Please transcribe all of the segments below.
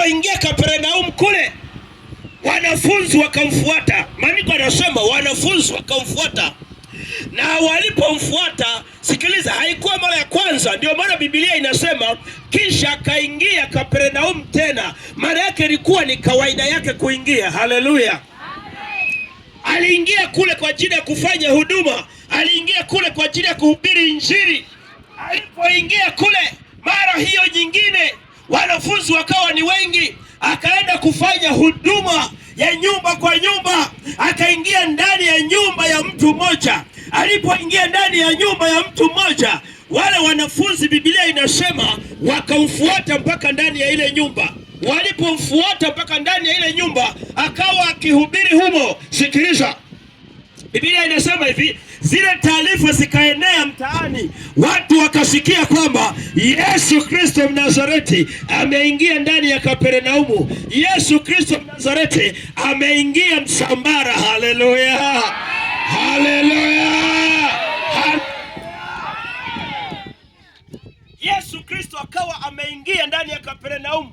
alipoingia Kapernaum kule, wanafunzi wakamfuata. Maandiko anasema wanafunzi wakamfuata, na walipomfuata, sikiliza, haikuwa mara ya kwanza. Ndio maana Biblia inasema kisha akaingia Kapernaum tena. Maana yake ilikuwa ni kawaida yake kuingia. Haleluya! Aliingia kule kwa ajili ya kufanya huduma, aliingia kule kwa ajili ya kuhubiri Injili. Alipoingia kule mara hiyo nyingine wanafunzi wakawa ni wengi, akaenda kufanya huduma ya nyumba kwa nyumba, akaingia ndani ya nyumba ya mtu mmoja. Alipoingia ndani ya nyumba ya mtu mmoja, wale wanafunzi, Biblia inasema wakamfuata mpaka ndani ya ile nyumba. Walipomfuata mpaka ndani ya ile nyumba, akawa akihubiri humo. Sikiliza, Biblia inasema hivi zile taarifa zikaenea mtaani, watu wakasikia kwamba Yesu Kristo Mnazareti ameingia ndani ya Kapernaumu. Yesu Kristo Mnazareti ameingia Msambara. Haleluya, haleluya! Yesu Kristo akawa ameingia ndani ya Kapernaumu.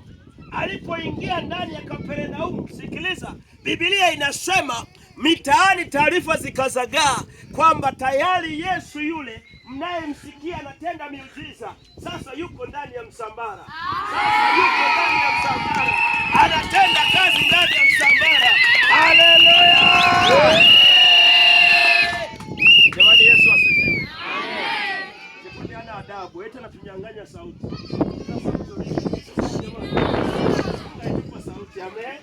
Alipoingia ndani ya Kapernaumu, sikiliza, Biblia inasema mitaani taarifa zikazagaa kwamba tayari Yesu yule mnayemsikia anatenda miujiza sasa yuko ndani ya Msambara, sasa yuko ndani ya Msambara, anatenda kazi ndani ya Msambara. Haleluya! Jamani, Yesu asifiwe. Amen. Tukupeana adabu, eti natunyang'anya sauti. Sauti, amen.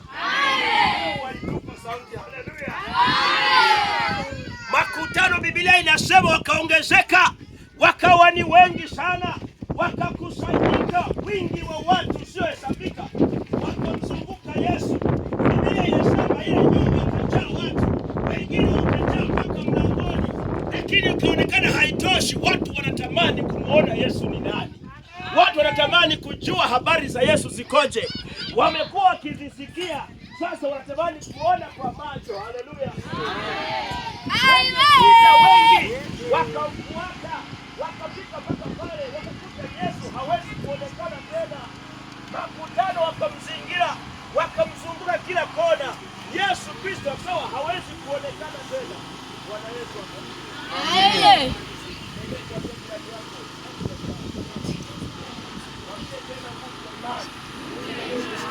Biblia inasema wakaongezeka, wakawa ni wengi sana, wakakusanyika wingi wa watu usiohesabika, wakamzunguka Yesu. Biblia inasema ile nyumba ikajaa watu, wengine wakajaa mpaka mlangoni, lakini ukionekana haitoshi. Watu wanatamani kumwona Yesu ni nani, watu wanatamani kujua habari za Yesu zikoje, wamekuwa wakizisikia, sasa wanatamani kuona kwa macho. Haleluya! wengi wakamfuata, wakafika pale, wakakuta Yesu hawezi kuonekana tena. Makutano wakamzingira, wakamzunguka kila kona. Yesu Kristo akawa hawezi kuonekana tena. Bwana Yesu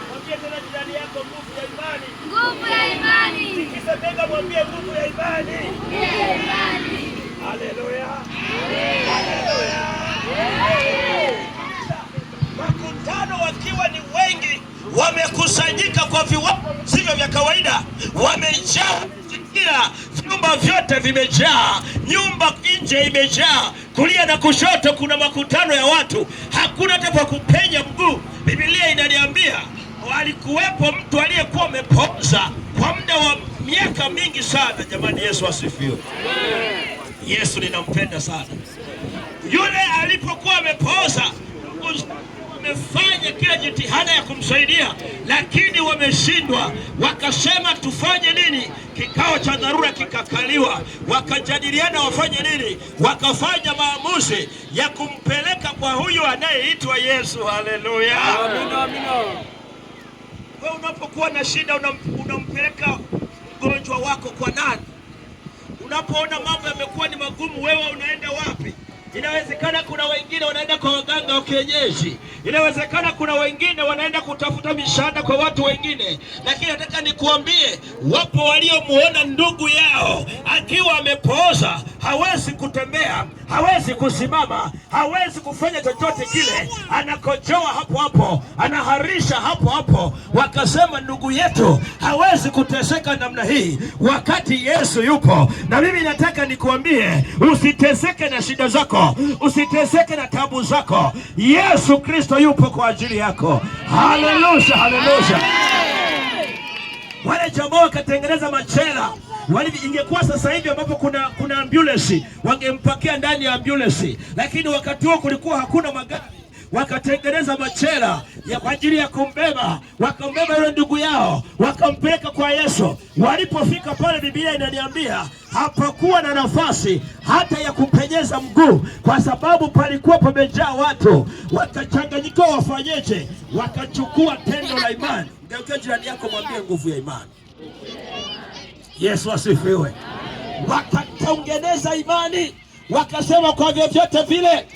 Mwambie tena jirani yako nguvu ya imani, nguvu ya imani. Tikisa mwambie nguvu ya imani. Makutano wakiwa ni wengi, wamekusanyika kwa viwango sivyo vya kawaida, wamejaa mazingira, vyumba vyote vimejaa, nyumba nje imejaa, kulia na kushoto kuna makutano ya watu, hakuna hata pa kupenya mguu. Biblia inaniambia walikuwepo mtu aliyekuwa amepoza kwa muda wa miaka mingi sana jamani. Yesu asifiwe. Yesu ninampenda sana. Yule alipokuwa amepooza, wamefanya kila jitihada ya kumsaidia, lakini wameshindwa. Wakasema tufanye nini? Kikao cha dharura kikakaliwa, wakajadiliana wafanye nini. Wakafanya maamuzi ya kumpeleka kwa huyu anayeitwa Yesu. Haleluya, amina, amina. Wewe unapokuwa na shida unampeleka ugonjwa wako kwa nani? Unapoona mambo yamekuwa ni magumu, wewe unaenda wapi? Inawezekana kuna wengine wanaenda kwa waganga wa kienyeji, inawezekana kuna wengine wanaenda kutafuta mishahara kwa watu wengine, lakini nataka nikuambie, wapo waliomuona ndugu yao akiwa amepooza hawezi kutembea, hawezi kusimama, hawezi kufanya chochote kile, anakojoa hapo hapo, anaharisha hapo hapo. Wakasema ndugu yetu hawezi kuteseka namna hii wakati Yesu yupo. Na mimi nataka nikuambie, usiteseke na shida zako, usiteseke na tabu zako. Yesu Kristo yupo kwa ajili yako. Haleluya, haleluya! Wale jamaa wakatengeneza machela Wali ingekuwa sasa hivi ambapo kuna kuna ambulance wangempakia ndani ya ambulance, lakini wakati huo kulikuwa hakuna magari wakatengeneza machela ya kwa ajili ya kumbeba, wakambeba yule ndugu yao wakampeleka kwa Yesu. Walipofika pale, Biblia inaniambia hapakuwa na nafasi hata ya kupenyeza mguu, kwa sababu palikuwa pamejaa watu. Wakachanganyikiwa wafanyeje? Wakachukua tendo la imani. Ndio jirani yako mwambie nguvu ya imani. Yesu asifiwe. Wakatengeneza imani, wakasema kwa vyovyote vile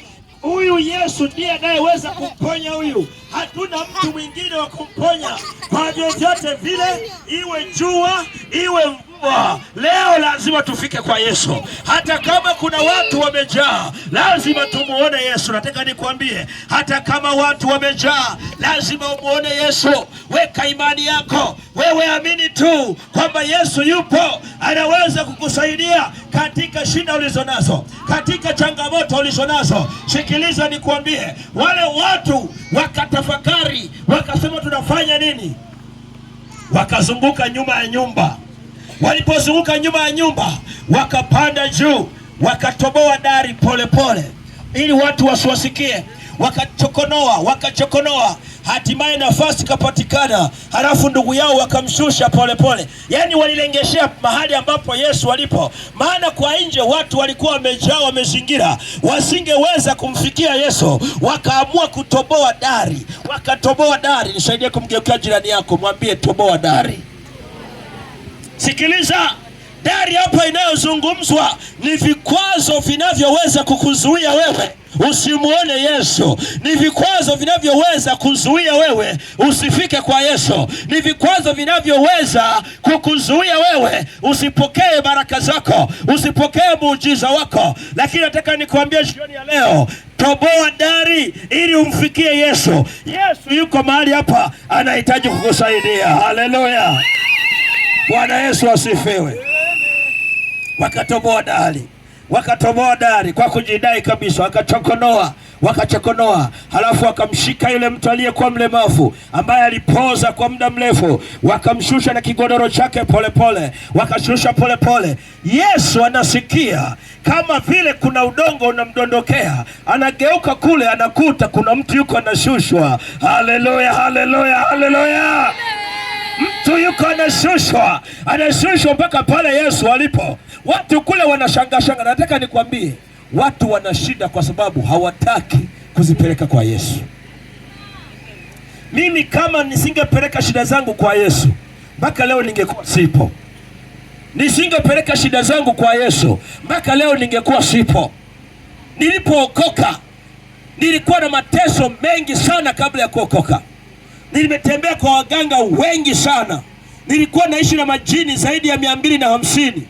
huyu Yesu ndiye anayeweza kumponya huyu, hatuna mtu mwingine wa kumponya. Kwa vyovyote vile, iwe jua iwe kubwa leo lazima tufike kwa Yesu, hata kama kuna watu wamejaa, lazima tumuone Yesu. Nataka nikwambie, hata kama watu wamejaa, lazima umuone Yesu. Weka imani yako wewe, amini tu kwamba Yesu yupo, anaweza kukusaidia katika shida ulizo nazo, katika changamoto ulizo nazo. Sikiliza nikwambie, wale watu wakatafakari, wakasema tunafanya nini? Wakazunguka nyuma ya nyumba Walipozunguka nyuma ya nyumba, wakapanda juu, wakatoboa dari polepole pole, ili watu wasiwasikie, wakachokonoa wakachokonoa, hatimaye nafasi ikapatikana, halafu ndugu yao wakamshusha polepole. Yaani walilengeshea mahali ambapo Yesu alipo, maana kwa nje watu walikuwa wamejaa, wamezingira, wasingeweza kumfikia Yesu. Wakaamua kutoboa dari, wakatoboa dari. Nisaidie kumgeukia jirani yako, mwambie toboa dari. Sikiliza, dari hapa inayozungumzwa ni vikwazo vinavyoweza kukuzuia wewe usimuone Yesu. Ni vikwazo vinavyoweza kuzuia wewe usifike kwa Yesu. Ni vikwazo vinavyoweza kukuzuia wewe usipokee baraka zako, usipokee muujiza wako. Lakini nataka nikuambie jioni ya leo, toboa dari ili umfikie Yesu. Yesu yuko mahali hapa, anahitaji kukusaidia. Haleluya! Bwana Yesu asifiwe. Wakatoboa dari, wakatoboa dari kwa kujidai kabisa, wakachokonoa wakachokonoa halafu wakamshika yule mtu aliyekuwa mlemavu ambaye alipoza kwa muda mrefu, wakamshusha na kigodoro chake polepole, wakashusha polepole. Yesu anasikia kama vile kuna udongo unamdondokea, anageuka kule, anakuta kuna mtu yuko anashushwa. Haleluya, haleluya, haleluya! Yesu yuko anashushwa, anashushwa mpaka pale Yesu alipo. Watu kule wanashangashanga. Nataka nikwambie, watu wana shida kwa sababu hawataki kuzipeleka kwa Yesu. Mimi kama nisingepeleka shida zangu kwa Yesu, mpaka leo ningekuwa sipo. Nisingepeleka shida zangu kwa Yesu, mpaka leo ningekuwa sipo. Nilipookoka nilikuwa na mateso mengi sana kabla ya kuokoka. Nimetembea kwa waganga wengi sana, nilikuwa naishi na majini zaidi ya mia mbili na hamsini.